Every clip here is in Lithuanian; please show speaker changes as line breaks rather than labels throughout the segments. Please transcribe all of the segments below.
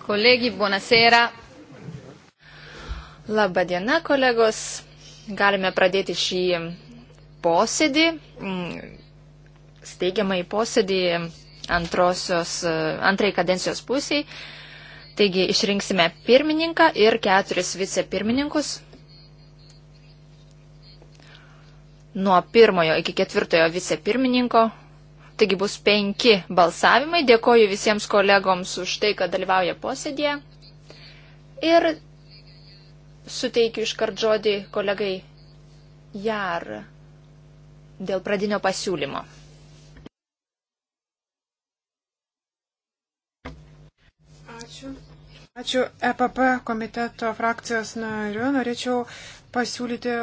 Kolegi, buonasera. Labą dieną, kolegos. Galime pradėti šį posėdį, mm, steigiamą į posėdį antrosios, antrai kadencijos pusiai. Taigi išrinksime pirmininką ir keturis vicepirmininkus. Nuo pirmojo iki ketvirtojo vicepirmininko Taigi bus penki balsavimai. Dėkoju visiems kolegoms už tai, kad dalyvauja posėdėje. Ir suteikiu iškart žodį kolegai Jar dėl pradinio pasiūlymo.
Ačiū. Ačiū EPP komiteto frakcijos nariu. Norėčiau pasiūlyti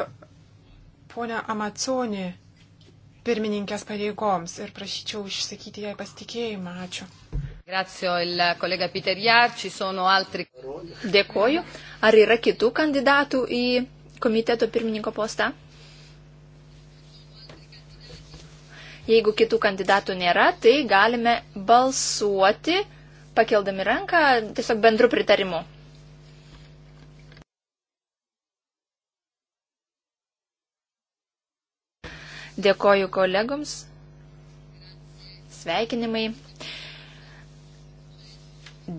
ponę Amaconį pirmininkės pareigoms ir prašyčiau išsakyti jai pasitikėjimą. Ačiū.
Dėkoju. Ar yra kitų kandidatų į komiteto pirmininko postą? Jeigu kitų kandidatų nėra, tai galime balsuoti, pakeldami ranką, tiesiog bendru pritarimu. Dėkoju kolegoms. Sveikinimai.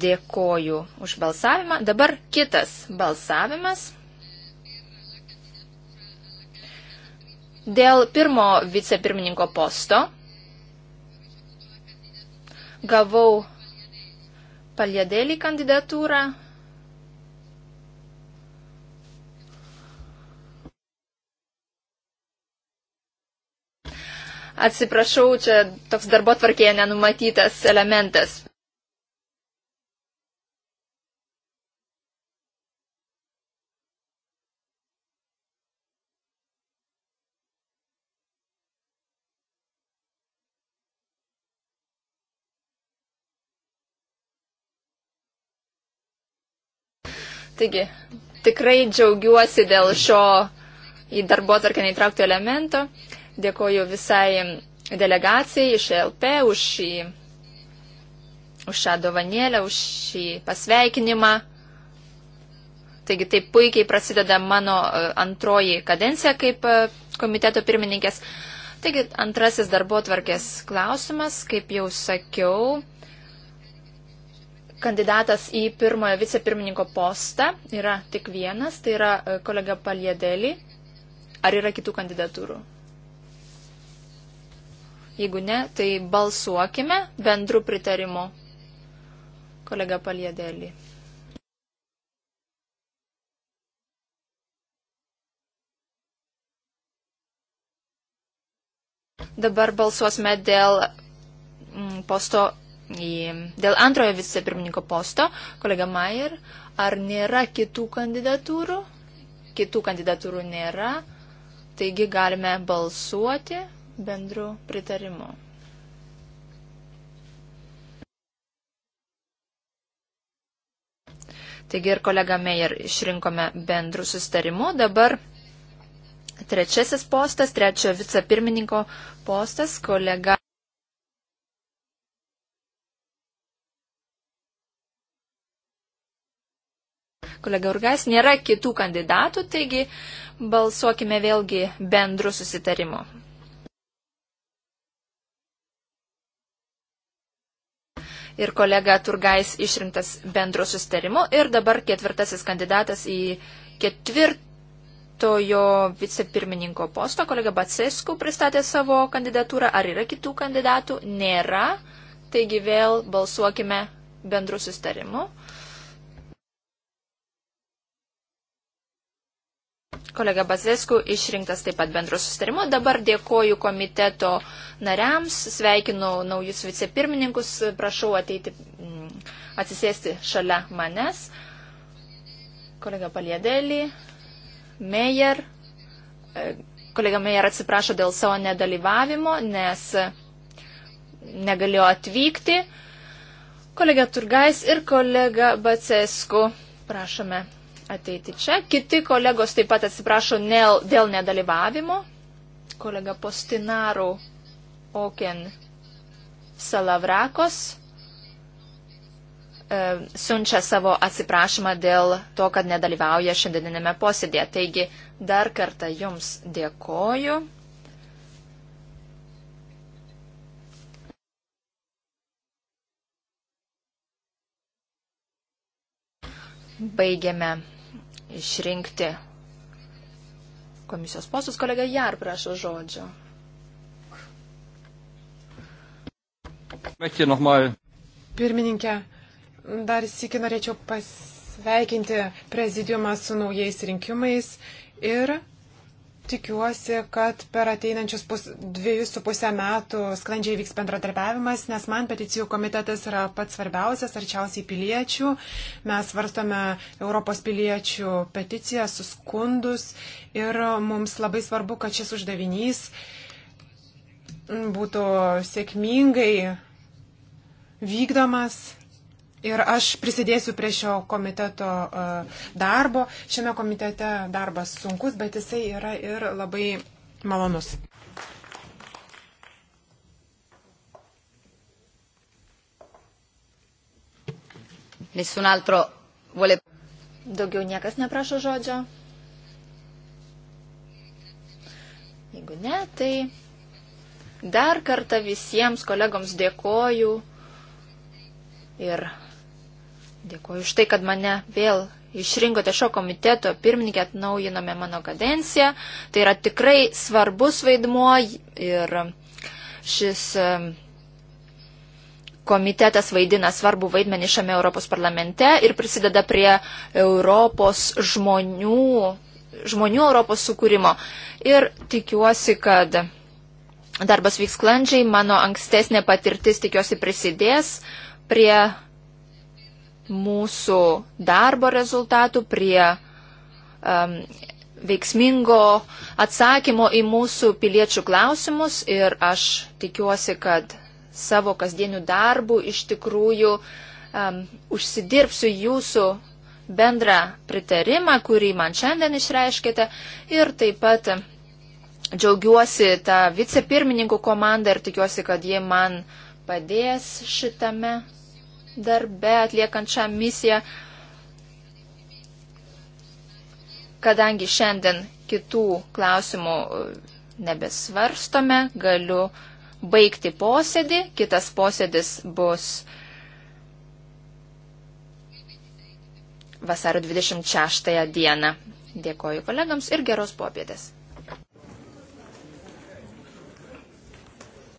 Dėkoju už balsavimą. Dabar kitas balsavimas. Dėl pirmo vicepirmininko posto gavau Paljadėlį kandidatūrą Atsiprašau, čia toks darbo tvarkėje nenumatytas elementas. Taigi, tikrai džiaugiuosi dėl šio į darbo tarkę neįtrauktų elemento. Dėkoju visai delegacijai iš LP už šį, už šią dovanėlę, už šį pasveikinimą. Taigi taip puikiai prasideda mano e, antroji kadencija kaip e, komiteto pirmininkės. Taigi antrasis darbo tvarkės klausimas, kaip jau sakiau, kandidatas į pirmojo vicepirmininko postą yra tik vienas, tai yra e, kolega Paliedeli. Ar yra kitų kandidatūrų? Jeigu ne, tai balsuokime bendrų pritarimų. Kolega Paliedėlį. Dabar balsuosime dėl mm, posto, dėl antrojo vicepirmininko posto, kolega Mayer. Ar nėra kitų kandidatūrų? Kitų kandidatūrų nėra. Taigi galime balsuoti bendru pritarimu. Taigi ir kolega Meyer išrinkome bendrų sustarimu. Dabar trečiasis postas, trečiojo vicepirmininko postas, kolega. Kolega Urgas, nėra kitų kandidatų, taigi balsuokime vėlgi bendrų susitarimu. ir kolega Turgais išrinktas bendro sustarimo. Ir dabar ketvirtasis kandidatas į ketvirtojo vicepirmininko posto, kolega Bacesku, pristatė savo kandidatūrą. Ar yra kitų kandidatų? Nėra. Taigi vėl balsuokime bendru sustarimu. Uh, Kolega Bazesku išrinktas taip pat bendro sustarimo. Dabar dėkoju komiteto nariams, sveikinu naujus vicepirmininkus, prašau ateiti mm, atsisėsti šalia manęs. Kolega Paliedėlį, Meyer. E, kolega Meyer atsiprašo dėl savo nedalyvavimo, nes negalėjo atvykti. Kolega Turgais ir kolega Bacesku. Prašome ateiti čia. Kiti kolegos taip pat atsiprašo nel, dėl nedalyvavimo. Kolega Postinaru Oken Salavrakos e, siunčia savo atsiprašymą dėl to, kad nedalyvauja šiandieninėme posėdėje. Taigi dar kartą Jums dėkoju. baigiame išrinkti komisijos postus. Kolega Jar prašo žodžio.
Pirmininkė, dar sėki norėčiau pasveikinti prezidiumą su naujais rinkimais ir tikiuosi, kad per ateinančius pus, dviejus su pusę metų sklandžiai vyks bendradarbiavimas, nes man peticijų komitetas yra pats svarbiausias, arčiausiai piliečių. Mes svarstome Europos piliečių peticijas, skundus ir mums labai svarbu, kad šis uždavinys būtų sėkmingai vykdomas Ir aš prisidėsiu prie šio komiteto e, darbo. Šiame komitete darbas sunkus, bet jisai yra ir labai malonus.
Nessun altro vuole. Daugiau niekas neprašo žodžio. Jeigu ne, tai dar kartą visiems kolegoms dėkoju. Ir dėkuoju už tai, kad mane vėl išrinkote šio komiteto pirmininkė, atnaujinome mano kadenciją. Tai yra tikrai svarbus vaidmuo ir šis e, komitetas vaidina svarbų vaidmenį šiame Europos parlamente ir prisideda prie Europos žmonių, žmonių Europos sukūrimo. Ir tikiuosi, kad darbas vyks sklandžiai, mano ankstesnė patirtis tikiuosi prisidės prie mūsų darbo rezultatų, prie um, veiksmingo atsakymo į mūsų piliečių klausimus ir aš tikiuosi, kad savo kasdieniu darbu iš tikrųjų um, užsidirbsiu jūsų bendrą pritarimą, kurį man šiandien išreiškite ir taip pat džiaugiuosi tą vicepirmininkų komandą ir tikiuosi, kad jie man padės šitame darbe atliekant šią misiją, kadangi šiandien kitų klausimų e, nebesvarstome, galiu baigti posėdį, kitas posėdis bus vasario 26 dieną. Dėkoju kolegams ir geros popietės.